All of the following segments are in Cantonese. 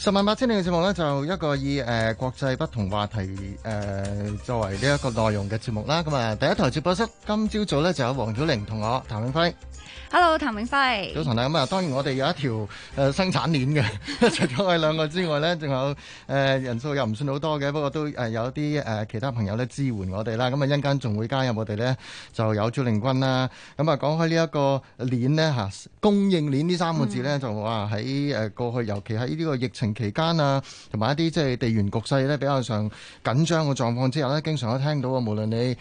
十萬八千里嘅節目呢就一個以誒、呃、國際不同話題誒、呃、作為呢一個內容嘅節目啦。咁啊，第一台直播室今朝早呢就有黃曉玲同我譚永輝。hello，譚永輝，早晨啊！咁啊，當然我哋有一條誒、呃、生產鏈嘅，除咗我哋兩個之外呢，仲有誒、呃、人數又唔算好多嘅，不過都誒有啲誒、呃、其他朋友咧支援我哋啦。咁啊，一陣間仲會加入我哋呢，就有朱令君啦。咁啊，講開呢一個鏈呢，吓、啊，供應鏈呢三個字呢，嗯、就話喺誒過去，尤其喺呢個疫情期間啊，同埋一啲即係地緣局勢呢比較上緊張嘅狀況之後呢，經常都聽到啊，無論你。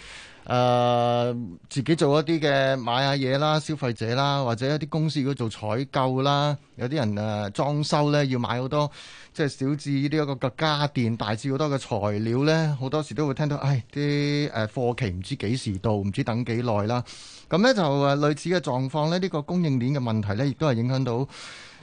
誒、呃、自己做一啲嘅買下嘢啦，消費者啦，或者一啲公司佢做採購啦，有啲人誒、呃、裝修呢要買好多，即係小至呢啲一個個家電，大至好多嘅材料呢，好多時都會聽到，唉啲誒貨期唔知幾時到，唔知等幾耐啦。咁呢就誒類似嘅狀況呢，呢、呢個供應鏈嘅問題呢，亦都係影響到。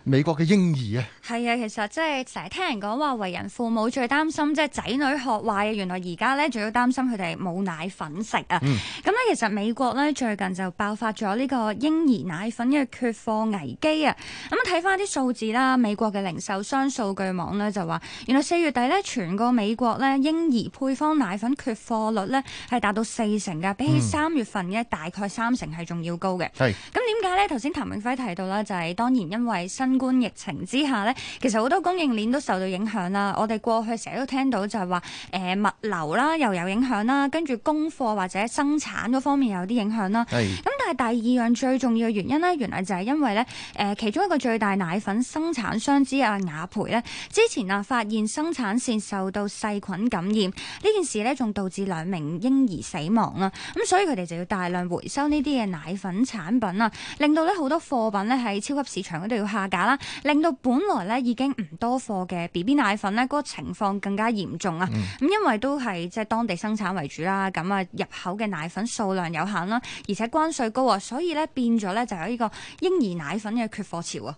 美國嘅嬰兒啊，係啊，其實即係成日聽人講話，為人父母最擔心即係仔女學壞啊。原來而家咧，仲要擔心佢哋冇奶粉食啊。咁咧、嗯嗯，其實美國咧最近就爆發咗呢個嬰兒奶粉嘅缺貨危機啊。咁睇翻啲數字啦，美國嘅零售商數據網咧就話，原來四月底咧，全個美國咧嬰兒配方奶粉缺貨率咧係達到四成嘅，比起三月份嘅大概三成係仲要高嘅。係、嗯。咁點解咧？頭先譚永輝提到啦，就係、是、當然因為新新冠疫情之下呢，其實好多供應鏈都受到影響啦。我哋過去成日都聽到就係話，誒，物流啦又有影響啦，跟住供貨或者生產嗰方面有啲影響啦。咁係。但係第二樣最重要嘅原因呢，原來就係因為呢，誒，其中一個最大奶粉生產商之一，雅培呢，之前啊發現生產線受到細菌感染，呢件事呢仲導致兩名嬰兒死亡啦。咁所以佢哋就要大量回收呢啲嘅奶粉產品啊，令到呢好多貨品呢喺超級市場嗰度要下架。令到本來咧已經唔多貨嘅 B B 奶粉呢嗰個情況更加嚴重啊！咁、嗯、因為都係即係當地生產為主啦，咁啊入口嘅奶粉數量有限啦，而且關稅高，啊，所以咧變咗咧就有呢個嬰兒奶粉嘅缺貨潮啊！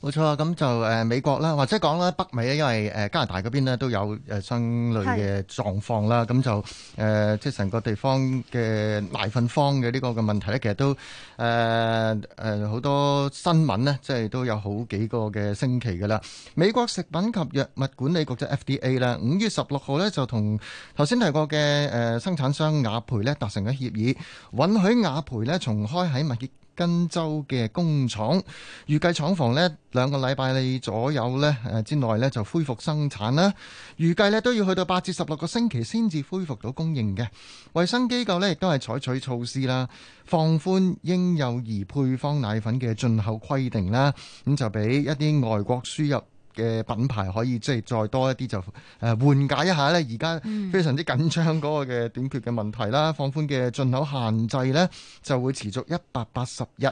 冇錯啊！咁就誒美國啦，或者講啦北美，因為誒加拿大嗰邊咧都有誒相類嘅狀況啦，咁是就誒即係成個地方嘅奶粉荒嘅呢個嘅問題咧，其實都誒誒好多新聞呢，即係都有好。幾個嘅星期㗎啦，美國食品及藥物管理局即 FDA 啦，五月十六號咧就同頭先提過嘅誒生產商亞培咧達成咗協議，允許亞培咧重開喺密。根州嘅工廠，預計廠房呢兩個禮拜呢左右呢誒之內呢就恢復生產啦，預計呢都要去到八至十六個星期先至恢復到供應嘅。衞生機構呢亦都係採取措施啦，放寬嬰幼兒配方奶粉嘅進口規定啦，咁就俾一啲外國輸入。嘅品牌可以即係再多一啲，就誒緩解一下咧，而家非常之緊張嗰個嘅短缺嘅問題啦，嗯、放寬嘅進口限制咧，就會持續一百八十日。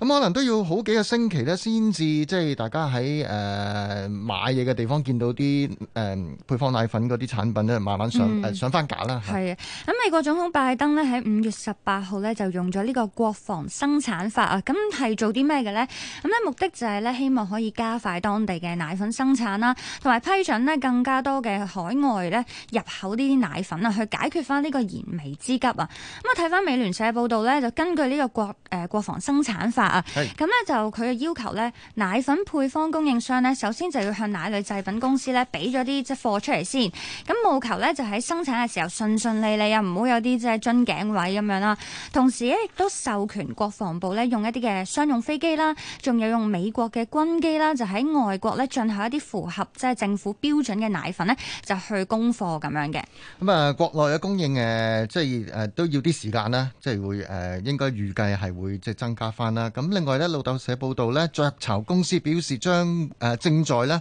咁可能都要好幾個星期咧，先至即係大家喺誒、呃、買嘢嘅地方見到啲誒、呃、配方奶粉嗰啲產品咧，慢慢上、嗯呃、上翻架啦。係啊，咁美國總統拜登呢喺五月十八號呢就用咗呢個國防生產法啊，咁係做啲咩嘅呢？咁呢目的就係呢希望可以加快當地嘅奶粉生產啦，同埋批准呢更加多嘅海外呢入口呢啲奶粉啊，去解決翻呢個燃眉之急啊。咁啊睇翻美聯社報道呢就根據呢個國、呃、國防生產法。咁咧就佢嘅要求咧，奶粉配方供應商咧，首先就要向奶類製品公司咧，俾咗啲即貨出嚟先。咁務求咧就喺生產嘅時候順順利利啊，唔好有啲即係樽頸位咁樣啦。同時咧亦都授權國防部咧，用一啲嘅商用飛機啦，仲有用美國嘅軍機啦，就喺外國咧進口一啲符合即係政府標準嘅奶粉咧，就去供貨咁樣嘅。咁啊，國內嘅供應誒，即係誒都要啲時間啦，即係會誒應該預計係會即係增加翻啦。咁另外咧，路透社報道咧，雀巢公司表示將誒正在咧。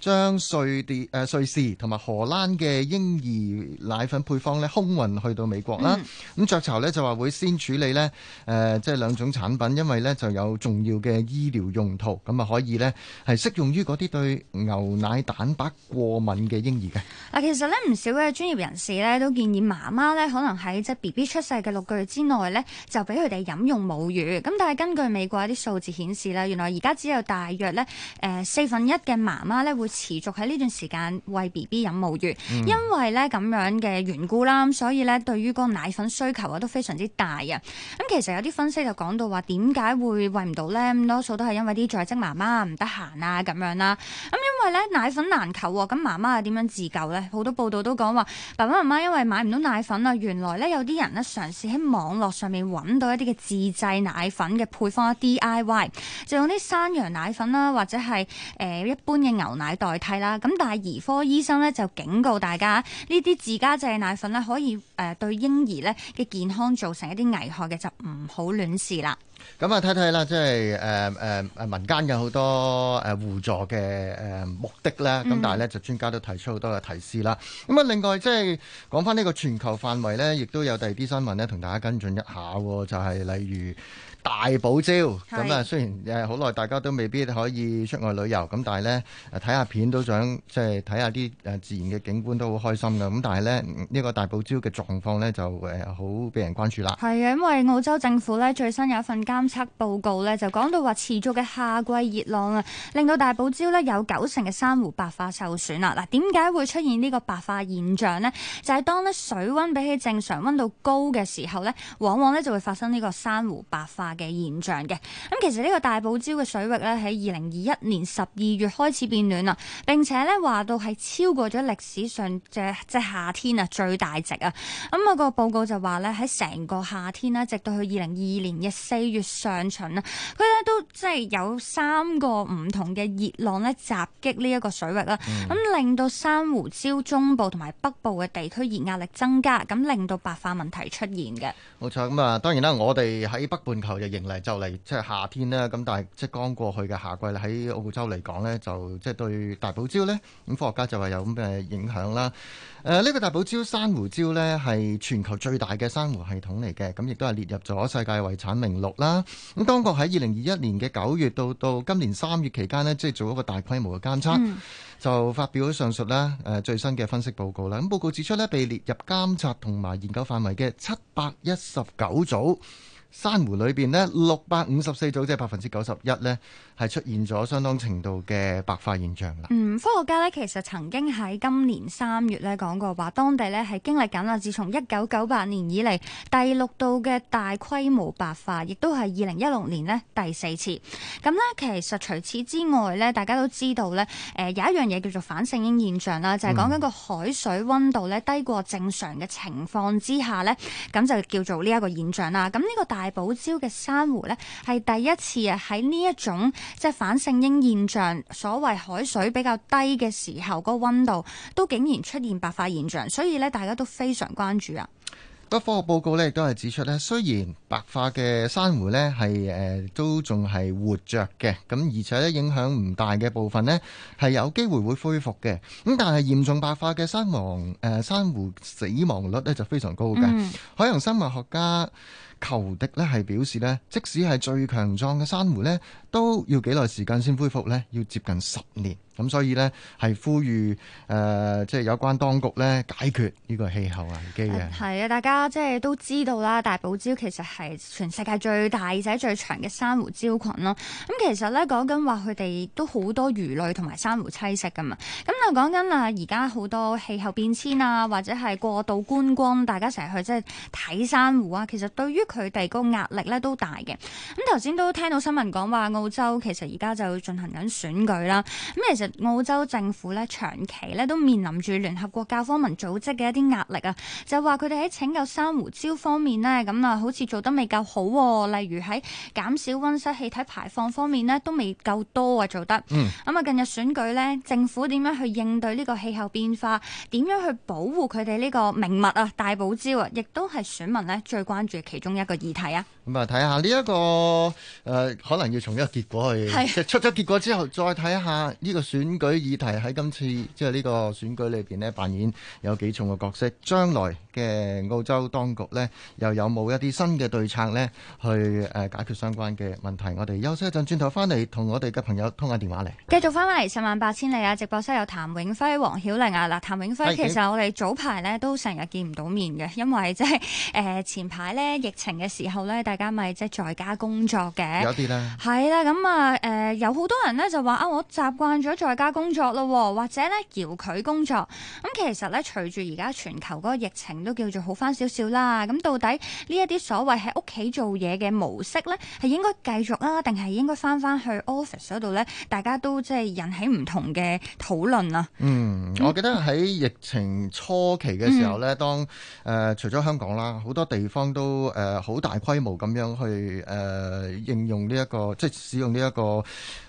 將瑞士、誒瑞士同埋荷蘭嘅嬰兒奶粉配方咧空運去到美國啦。咁、嗯、雀巢呢，就話會先處理呢，誒即係兩種產品，因為呢就有重要嘅醫療用途，咁啊可以呢，係適用於嗰啲對牛奶蛋白過敏嘅嬰兒嘅。嗱，其實呢，唔少嘅專業人士呢都建議媽媽呢，可能喺即係 BB 出世嘅六個月之內呢，就俾佢哋飲用母乳。咁但係根據美國一啲數字顯示咧，原來而家只有大約呢，誒四分一嘅媽媽呢會，持續喺呢段時間餵 B B 飲母乳。嗯、因為咧咁樣嘅緣故啦，所以咧對於嗰個奶粉需求啊都非常之大啊。咁其實有啲分析就講到話，點解會餵唔到咧？咁多數都係因為啲在職媽媽唔得閒啊，咁樣啦。咁奶粉難求，咁媽媽係點樣自救呢？好多報道都講話爸爸媽媽因為買唔到奶粉啦，原來咧有啲人呢，嘗試喺網絡上面搵到一啲嘅自製奶粉嘅配方 DIY，就用啲山羊奶粉啦，或者係誒、呃、一般嘅牛奶代替啦。咁但係兒科醫生呢，就警告大家，呢啲自家製奶粉呢，可以誒對嬰兒咧嘅健康造成一啲危害嘅，就唔好亂試啦。咁啊，睇睇啦，即係誒誒民間有好多誒互助嘅誒目的啦。咁、嗯、但係咧就專家都提出好多嘅提示啦。咁啊，另外即係講返呢個全球範圍咧，亦都有第二啲新聞咧，同大家跟進一下，就係、是、例如。大堡礁咁啊，是雖然誒好耐，大家都未必可以出外旅遊，咁但係咧睇下片都想即係睇下啲誒自然嘅景觀都好開心㗎。咁但係咧呢、呢個大堡礁嘅狀況呢，就誒好俾人關注啦。係啊，因為澳洲政府呢，最新有一份監測報告呢，就講到話持續嘅夏季熱浪啊，令到大堡礁呢有九成嘅珊瑚白化受損啦。嗱，點解會出現呢個白化現象呢？就係、是、當呢水溫比起正常溫度高嘅時候呢，往往呢就會發生呢個珊瑚白化。嘅現象嘅，咁其實呢個大堡礁嘅水域咧，喺二零二一年十二月開始變暖啦，並且咧話到係超過咗歷史上嘅即係夏天啊最大值啊！咁、啊個報告就話咧，喺成個夏天呢，直到去二零二二年嘅四月上旬啊，佢咧都即係有三個唔同嘅熱浪咧襲擊呢一個水域啊，咁、嗯、令到珊瑚礁中部同埋北部嘅地區熱壓力增加，咁令到白化問題出現嘅。冇錯、嗯，咁啊當然啦，我哋喺北半球。迎來就迎嚟就嚟，即係夏天啦。咁但係即係剛過去嘅夏季咧，喺澳洲嚟講呢，就即係對大堡礁呢。咁科學家就話有咁嘅影響啦。誒、呃、呢、這個大堡礁珊瑚礁呢，係全球最大嘅珊瑚系統嚟嘅，咁亦都係列入咗世界遺產名錄啦。咁當局喺二零二一年嘅九月到到今年三月期間呢，即係做一個大規模嘅監測，嗯、就發表咗上述咧，誒最新嘅分析報告啦。咁報告指出呢，被列入監測同埋研究範圍嘅七百一十九組，珊瑚裏邊呢，六百五十四組即係百分之九十一呢，係、就是、出現咗相當程度嘅白化現象啦。嗯，科學家呢，其實曾經喺今年三月呢講過話，當地呢係經歷緊啊，自從一九九八年以嚟第六度嘅大規模白化，亦都係二零一六年呢第四次。咁呢，其實除此之外呢，大家都知道呢，誒有一樣嘢叫做反聖嬰現象啦，就係講緊個海水溫度呢低過正常嘅情況之下呢，咁就叫做呢一個現象啦。咁呢個大堡礁嘅珊瑚咧，係第一次啊，喺呢一種即係、就是、反聖嬰現象，所謂海水比較低嘅時候溫，個溫度都竟然出現白化現象，所以咧大家都非常關注啊。個科學報告咧亦都係指出咧，雖然白化嘅珊瑚咧係誒都仲係活着嘅，咁而且咧影響唔大嘅部分呢係有機會會恢復嘅，咁但係嚴重白化嘅珊瑚誒、呃，珊瑚死亡率咧就非常高嘅。海洋、嗯、生物學家。求的咧係表示咧，即使係最強壯嘅珊瑚咧，都要幾耐時間先恢復咧，要接近十年。咁所以呢，係呼籲誒，即、呃、係、就是、有關當局咧解決呢個氣候危機嘅。係啊、呃，大家即係都知道啦，大堡礁其實係全世界最大、而且最長嘅珊瑚礁群咯。咁其實呢，講緊話佢哋都好多魚類同埋珊瑚棲息噶嘛。咁講緊啊，而家好多氣候變遷啊，或者係過度觀光，大家成日去即係睇珊瑚啊。其實對於佢哋嗰個壓力咧都大嘅。咁頭先都聽到新聞講話澳洲其實而家就進行緊選舉啦。咁其實澳洲政府咧長期咧都面臨住聯合國教科文組織嘅一啲壓力啊，就話佢哋喺拯救珊瑚礁方面呢，咁啊好似做得未夠好。例如喺減少溫室氣體排放方面呢，都未夠多啊做得。咁啊、嗯，近日選舉呢，政府點樣去？應對呢個氣候變化，點樣去保護佢哋呢個名物啊？大堡礁啊亦都係選民咧最關注嘅其中一個議題啊！咁啊，睇下呢一個誒、呃、可能要從一個結果去，即係的出咗結果之後再睇下呢個選舉議題，喺今次即係呢個選舉裏邊咧扮演有幾重嘅角色。將來嘅澳洲當局咧，又有冇一啲新嘅對策咧，去誒、呃、解決相關嘅問題，我哋休息一陣轉頭翻嚟同我哋嘅朋友通下電話嚟。繼續翻翻嚟十萬八千里啊！直播室有譚永輝黃曉玲啊！嗱，譚永輝其實我哋早排咧都成日見唔到面嘅，因為即係誒前排咧疫情嘅時候咧，但而家咪即係在家工作嘅、呃，有啲啦，係啦，咁啊，誒，有好多人咧就話啊，我習慣咗在家工作咯，或者咧遙距工作。咁、嗯、其實咧，隨住而家全球個疫情都叫做好翻少少啦。咁到底呢一啲所謂喺屋企做嘢嘅模式咧，係應該繼續啦，定係應該翻翻去 office 度咧？大家都即係引起唔同嘅討論啊。嗯，我記得喺疫情初期嘅時候咧，嗯、當誒、呃、除咗香港啦，好多地方都誒好、呃、大規模咁。咁樣去誒應用呢一個，即係使用呢一個。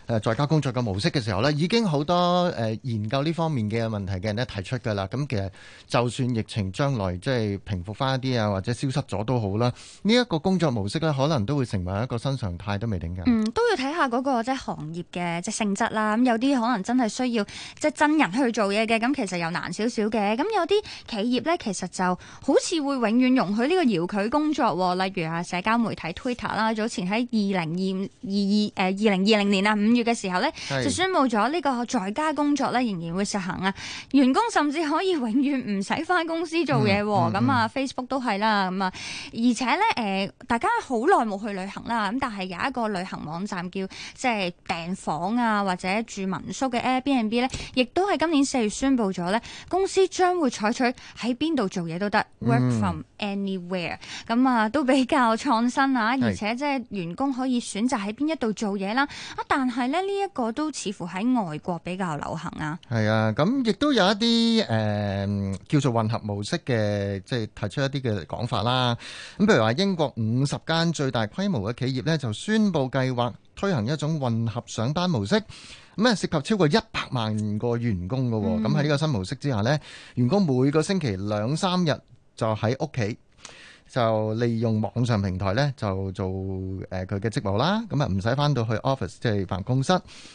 誒在家工作嘅模式嘅時候咧，已經好多誒研究呢方面嘅問題嘅人咧提出㗎啦。咁其實就算疫情將來即係平復翻一啲啊，或者消失咗都好啦，呢一個工作模式咧，可能都會成為一個新常態都未定嘅。嗯，都要睇下嗰個即係行業嘅即係性質啦。咁有啲可能真係需要即係真人去做嘢嘅，咁其實又難少少嘅。咁有啲企業咧，其實就好似會永遠容許呢個遙距工作，例如啊，社交媒體 Twitter 啦，早前喺二零二二誒二零二零年啊五月，嘅時候咧，就宣佈咗呢個在家工作咧仍然會實行啊！員工甚至可以永遠唔使翻公司做嘢喎。咁、嗯嗯、啊、嗯，Facebook 都係啦，咁啊，而且咧誒、呃、大家好耐冇去旅行啦。咁但係有一個旅行網站叫即係訂房啊，或者住民宿嘅 Airbnb 咧，亦都係今年四月宣佈咗咧，公司將會採取喺邊度做嘢都得，嗯，work from anywhere。咁啊，都比較創新啊，嗯，而且即係員工可以選擇喺邊一度做嘢啦。啊，但係咧呢一個都似乎喺外國比較流行啊，係啊，咁亦都有一啲誒叫做混合模式嘅，即係提出一啲嘅講法啦。咁譬如話英國五十間最大規模嘅企業呢，就宣布計劃推行一種混合上班模式，咁啊涉及超過一百萬個員工噶。咁喺呢個新模式之下呢，員工每個星期兩三日就喺屋企。就利用網上平台呢，就做誒佢嘅職務啦。咁啊，唔使返到去 office，即係辦公室。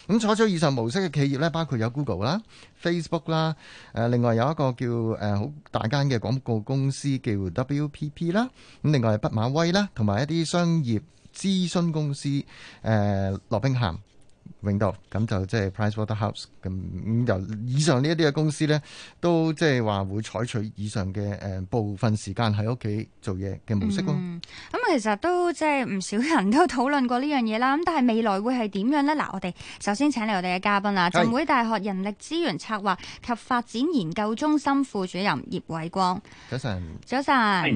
咁採取以上模式嘅企業呢，包括有 Google 啦、Facebook 啦、呃，另外有一個叫誒好、呃、大間嘅廣告公司叫 WPP 啦，咁、呃、另外係畢馬威啦，同埋一啲商業諮詢公司誒羅兵咸。咁就即係 PriceWaterhouse 咁，由以上呢一啲嘅公司咧，都即係話會採取以上嘅誒、呃、部分時間喺屋企做嘢嘅模式咯。咁啊、嗯嗯，其實都即係唔少人都討論過呢樣嘢啦。咁但係未來會係點樣咧？嗱，我哋首先請嚟我哋嘅嘉賓啊，浸會是大學人力資源策劃及發展研究中心副主任葉偉光。早晨。早晨。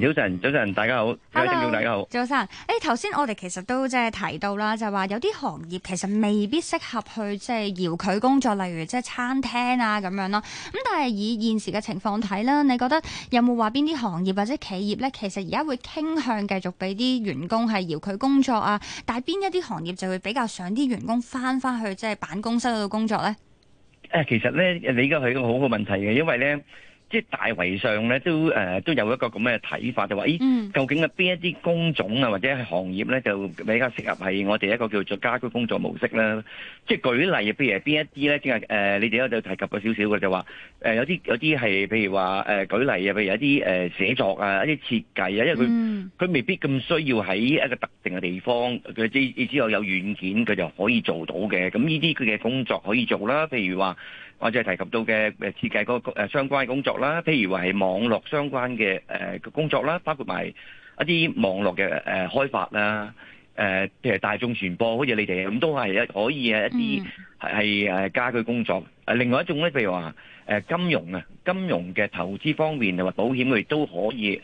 早晨，早晨，大家好。h e 大家好。早晨。誒頭先我哋其實都即係提到啦，就話有啲行業其實未必適。合去即係遙距工作，例如即係餐廳啊咁樣咯。咁但係以現時嘅情況睇啦，你覺得有冇話邊啲行業或者企業咧，其實而家會傾向繼續俾啲員工係遙距工作啊？但係邊一啲行業就會比較想啲員工返返去即係辦公室度工作咧？誒，其實咧，你而家係一個好嘅問題嘅，因為咧。即大圍上咧，都誒、呃、都有一個咁嘅睇法，就話，咦，究竟啊邊一啲工種啊，或者係行業咧，就比較適合係我哋一個叫做家居工作模式啦。即係舉例，譬如邊一啲咧？即、呃、係你哋都有提及過少少嘅，就話誒、呃、有啲有啲係，譬如話誒、呃、舉例，譬如有啲誒寫作啊，一啲設計啊，因為佢佢、嗯、未必咁需要喺一個特定嘅地方，佢只只有有軟件佢就可以做到嘅。咁呢啲佢嘅工作可以做啦，譬如話。或者係提及到嘅誒設計個誒相關工作啦，譬如話係網絡相關嘅誒工作啦，包括埋一啲網絡嘅誒開發啦，誒譬如大眾傳播，好似你哋咁都係一可以嘅一啲係誒家居工作。誒另外一種咧，譬如話誒金融啊，金融嘅投資方面，又話保險，佢哋都可以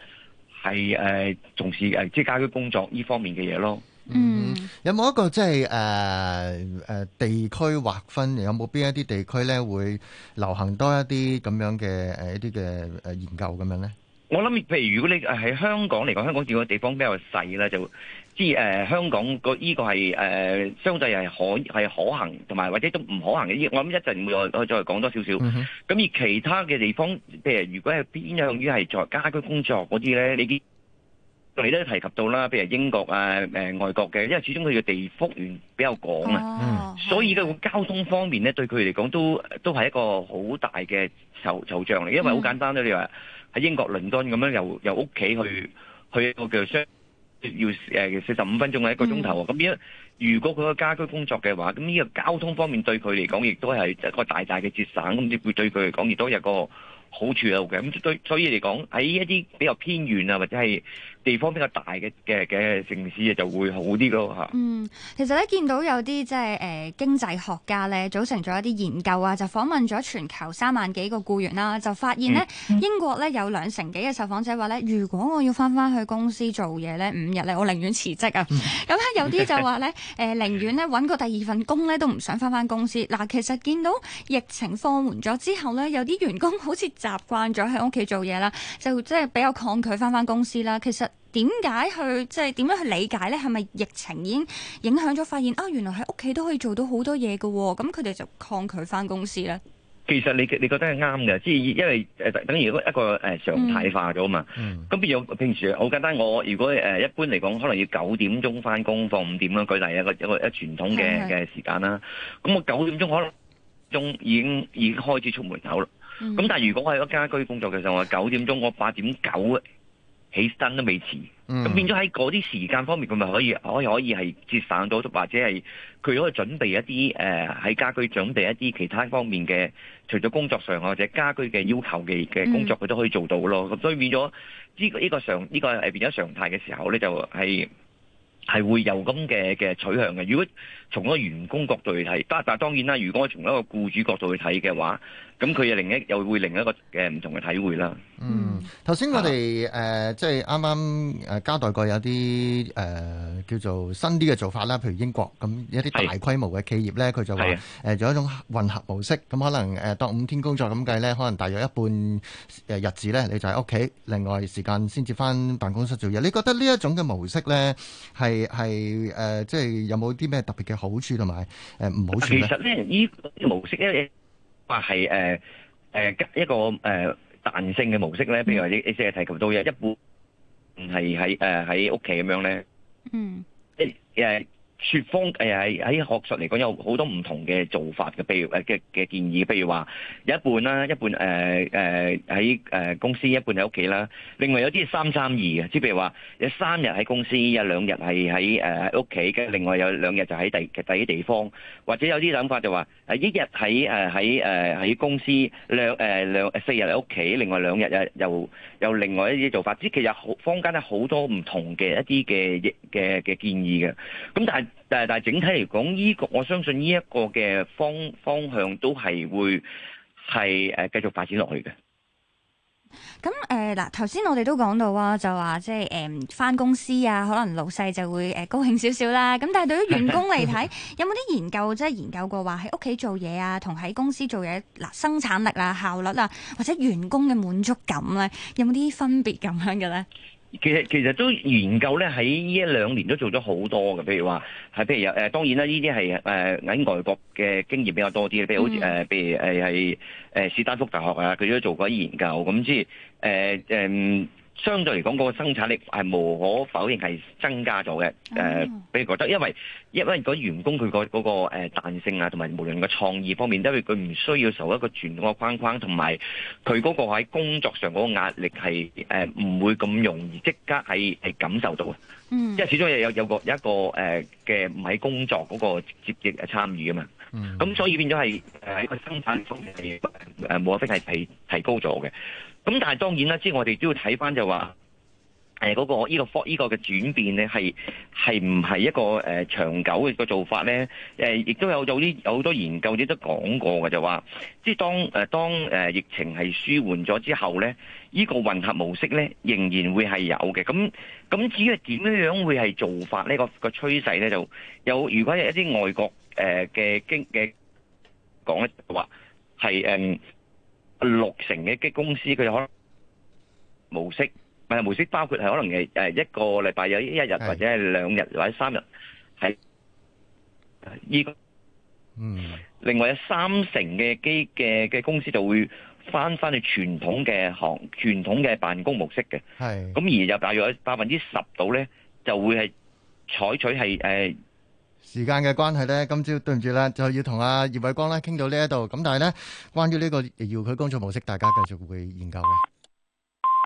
係誒從事誒即係家居工作呢方面嘅嘢咯。嗯，有冇一個即係誒誒地區劃分？有冇邊一啲地區咧會流行多一啲咁樣嘅誒一啲嘅誒研究咁樣咧？我諗，譬如如果你喺香港嚟講，香港整個地方比較細啦，就即係誒香港這個呢個係誒相對係可係可行，同埋或者都唔可行嘅。我諗一陣會再再講多少少。咁、嗯、哼而其他嘅地方，譬如如果係偏向於係在家居工作嗰啲咧，你啲。你都提及到啦，譬如英國啊、誒、呃、外國嘅，因為始終佢嘅地幅源比較廣啊，所以個交通方面咧，對佢嚟講都都係一個好大嘅愁愁障嚟。因為好簡單咧，嗯、你話喺英國倫敦咁樣由由屋企去去一個叫商要誒四十五分鐘啊，一個鐘頭啊。咁、嗯、如果佢個家居工作嘅話，咁呢個交通方面對佢嚟講，亦都係一個大大嘅節省。咁對佢嚟講，亦都有個好處喺嘅。咁對，所以嚟講喺一啲比較偏遠啊，或者係，地方比較大嘅嘅嘅城市就會好啲咯。吓、嗯，其實咧見到有啲即係誒經濟學家咧組成咗一啲研究啊，就訪問咗全球三萬幾個雇員啦，就發現呢、嗯、英國咧、嗯、有兩成幾嘅受訪者話咧，如果我要翻翻去公司做嘢咧五日咧，我寧願辭職啊。咁咧、嗯嗯、有啲就話咧誒，寧願咧揾個第二份工咧，都唔想翻翻公司。嗱、呃，其實見到疫情放緩咗之後咧，有啲員工好似習慣咗喺屋企做嘢啦，就即係比較抗拒翻翻公司啦。其實。點解去即係點樣去理解咧？係咪疫情已經影響咗？發現啊，原來喺屋企都可以做到好多嘢噶，咁佢哋就抗拒翻公司咧。其實你你覺得係啱嘅，即係因為誒、呃、等於一個誒、呃、常態化咗嘛。咁邊有譬如平時好簡單，我如果誒、呃、一般嚟講，可能要九點鐘翻工，放五點啦，舉例一個一個一傳統嘅嘅時間啦。咁的我九點鐘可能已經已經開始出門口啦。咁、嗯、但係如果我喺家居工作嘅時候，我九點鐘我八點九。起身都未遲，咁變咗喺嗰啲時間方面，佢咪可以可以可以係節省到，或者係佢可以準備一啲誒，喺家居準備一啲其他方面嘅，除咗工作上或者家居嘅要求嘅嘅工作，佢都可以做到咯。咁、嗯、所以變咗呢個呢個常呢個誒變咗常態嘅時候咧，就係、是。係會有咁嘅嘅取向嘅。如果從一個員工角度去睇，但但當然啦，如果我從一個僱主角度去睇嘅話，咁佢又另一又會另一個嘅唔同嘅體會啦。嗯，頭先我哋誒，即係啱啱誒交代過有啲誒、呃、叫做新啲嘅做法啦，譬如英國咁一啲大規模嘅企業咧，佢的就話誒有一種混合模式，咁可能誒、呃、當五天工作咁計咧，可能大約一半誒日子咧你就喺屋企，另外時間先至返辦公室做嘢。你覺得呢一種嘅模式咧係？是係誒、呃，即係有冇啲咩特別嘅好處同埋誒唔好處呢？其實咧呢、這個、模式咧，話係誒誒一個誒彈、呃、性嘅模式咧，譬如話你你即提及到有一半唔係喺誒喺屋企咁樣咧，嗯，即誒、呃。說方誒喺喺學術嚟講有好多唔同嘅做法嘅，譬如誒嘅嘅建議，譬如話有一半啦，一半誒誒喺誒公司，一半喺屋企啦。另外有啲三三二嘅，即係譬如話有三日喺公司，有兩日係喺誒屋企，嘅、呃。另外有兩日就喺第其他啲地方，或者有啲諗法就話誒一日喺誒喺誒喺公司，兩誒兩四日喺屋企，另外兩日又又有另外一啲做法。即係其實有坊間咧好多唔同嘅一啲嘅嘅嘅建議嘅。咁但係，但係但係整體嚟講，呢個我相信呢一個嘅方方向都係會係誒繼續發展落去嘅。咁誒嗱，頭先我哋都講到啊，就話即係誒返公司啊，可能老細就會誒高興少少啦。咁但係對於員工嚟睇，有冇啲研究即係研究過話喺屋企做嘢啊，同喺公司做嘢嗱生產力啊、效率啊，或者員工嘅滿足感咧，有冇啲分別咁樣嘅咧？其實其實都研究咧，喺呢一兩年都做咗好多嘅，譬如話係譬如有誒、呃，當然啦，呢啲係誒喺外國嘅經驗比較多啲，譬如好似誒、嗯呃，譬如誒係誒史丹福大學啊，佢都做過啲研究，咁即係誒誒。呃嗯相對嚟講，嗰、那個生產力係無可否認係增加咗嘅。誒、呃，畀你覺得，因為因為嗰員工佢個嗰個彈性啊，同埋無論個創意方面，因為佢唔需要受一個傳統嘅框框，同埋佢嗰個喺工作上嗰個壓力係誒唔會咁容易即刻係係感受到嘅。嗯、uh，huh. 因為始終有有有個一個誒嘅唔喺工作嗰個積極嘅參與啊嘛。咁、uh huh. 所以變咗係喺個生產力方面誒無可非係提提高咗嘅。咁但係當然啦，即係我哋都要睇返就話，誒、那、嗰個依個貨依個嘅轉變咧，係係唔係一個長久嘅個做法呢？亦都有有啲有好多研究者都講過嘅，就話即當當疫情係舒緩咗之後呢，呢、這個混合模式呢仍然會係有嘅。咁咁至於點樣樣會係做法呢個個趨勢呢？就有如果有一啲外國誒嘅經嘅講咧，就話係誒六成嘅機公司佢就可能模式，唔係模式，包括係可能係誒一個禮拜有呢一日或者係兩日或者三日係呢個，嗯，另外有三成嘅機嘅嘅公司就會翻翻去傳統嘅行傳統嘅辦公模式嘅，係，咁而就大約百分之十度咧，就會係採取係誒。時間嘅關係咧，今朝對唔住啦，就要同阿、啊、葉偉光咧傾到呢一度。咁但係咧，關於呢個遙距工作模式，大家繼續會研究嘅。